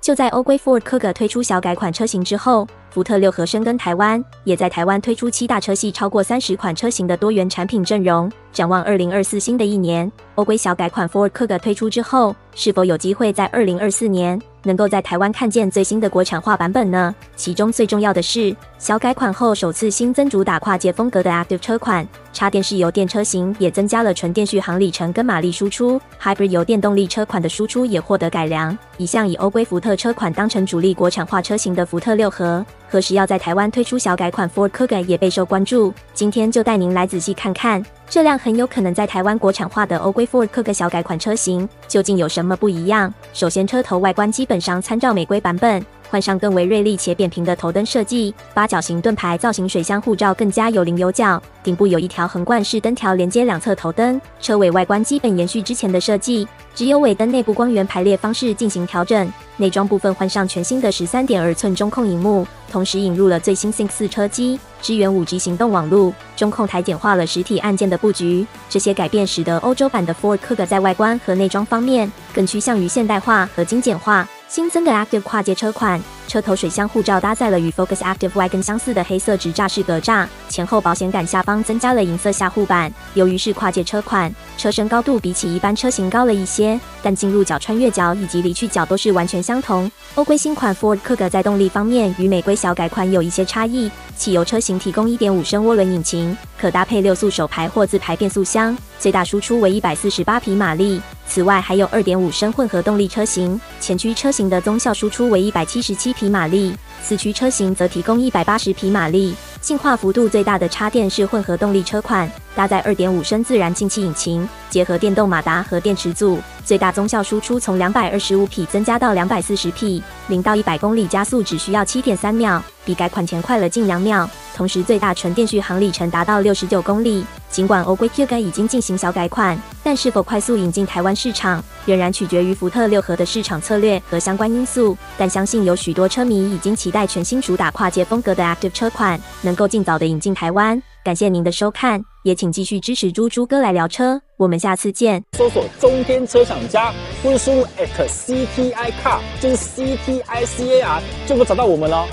就在欧规 Ford 科 a 推出小改款车型之后。福特六合深耕台湾，也在台湾推出七大车系，超过三十款车型的多元产品阵容。展望二零二四新的一年，欧规小改款 Ford Cuga 推出之后，是否有机会在二零二四年能够在台湾看见最新的国产化版本呢？其中最重要的是，小改款后首次新增主打跨界风格的 Active 车款，插电式油电车型也增加了纯电续航里程跟马力输出，Hybrid 油电动力车款的输出也获得改良。一向以欧规福特车款当成主力国产化车型的福特六合。何时要在台湾推出小改款 Ford Kuga 也备受关注。今天就带您来仔细看看这辆很有可能在台湾国产化的欧规 Ford Kuga 小改款车型究竟有什么不一样。首先，车头外观基本上参照美规版本。换上更为锐利且扁平的头灯设计，八角形盾牌造型水箱护罩更加有棱有角，顶部有一条横贯式灯条连接两侧头灯。车尾外观基本延续之前的设计，只有尾灯内部光源排列方式进行调整。内装部分换上全新的十三点二寸中控荧幕，同时引入了最新 h i n k 四车机，支援五 G 行动网络。中控台简化了实体按键的布局，这些改变使得欧洲版的 Ford Kuga 在外观和内装方面更趋向于现代化和精简化。新增的 Active 跨界车款，车头水箱护罩搭载了与 Focus Active Y 更相似的黑色直栅式格栅，前后保险杆下方增加了银色下护板。由于是跨界车款，车身高度比起一般车型高了一些。但进入角、穿越角以及离去角都是完全相同。欧规新款 Ford o 帕在动力方面与美规小改款有一些差异。汽油车型提供1.5升涡轮引擎，可搭配六速手排或自排变速箱，最大输出为148马力。此外，还有2.5升混合动力车型。前驱车型的综效输出为177马力，四驱车型则提供180马力。进化幅度最大的插电式混合动力车款，搭载2.5升自然进气引擎，结合电动马达和电池组，最大综效输出从225匹增加到240匹，零到一百公里加速只需要7.3秒，比改款前快了近两秒。同时，最大纯电续航里程达到六十九公里。尽管欧规 QG 已经进行小改款，但是否快速引进台湾市场，仍然取决于福特六核的市场策略和相关因素。但相信有许多车迷已经期待全新主打跨界风格的 Active 车款能够尽早的引进台湾。感谢您的收看，也请继续支持猪猪哥来聊车。我们下次见。搜索中天车厂家，微信 at C T I Car，就是 C T I C A R，就能找到我们了。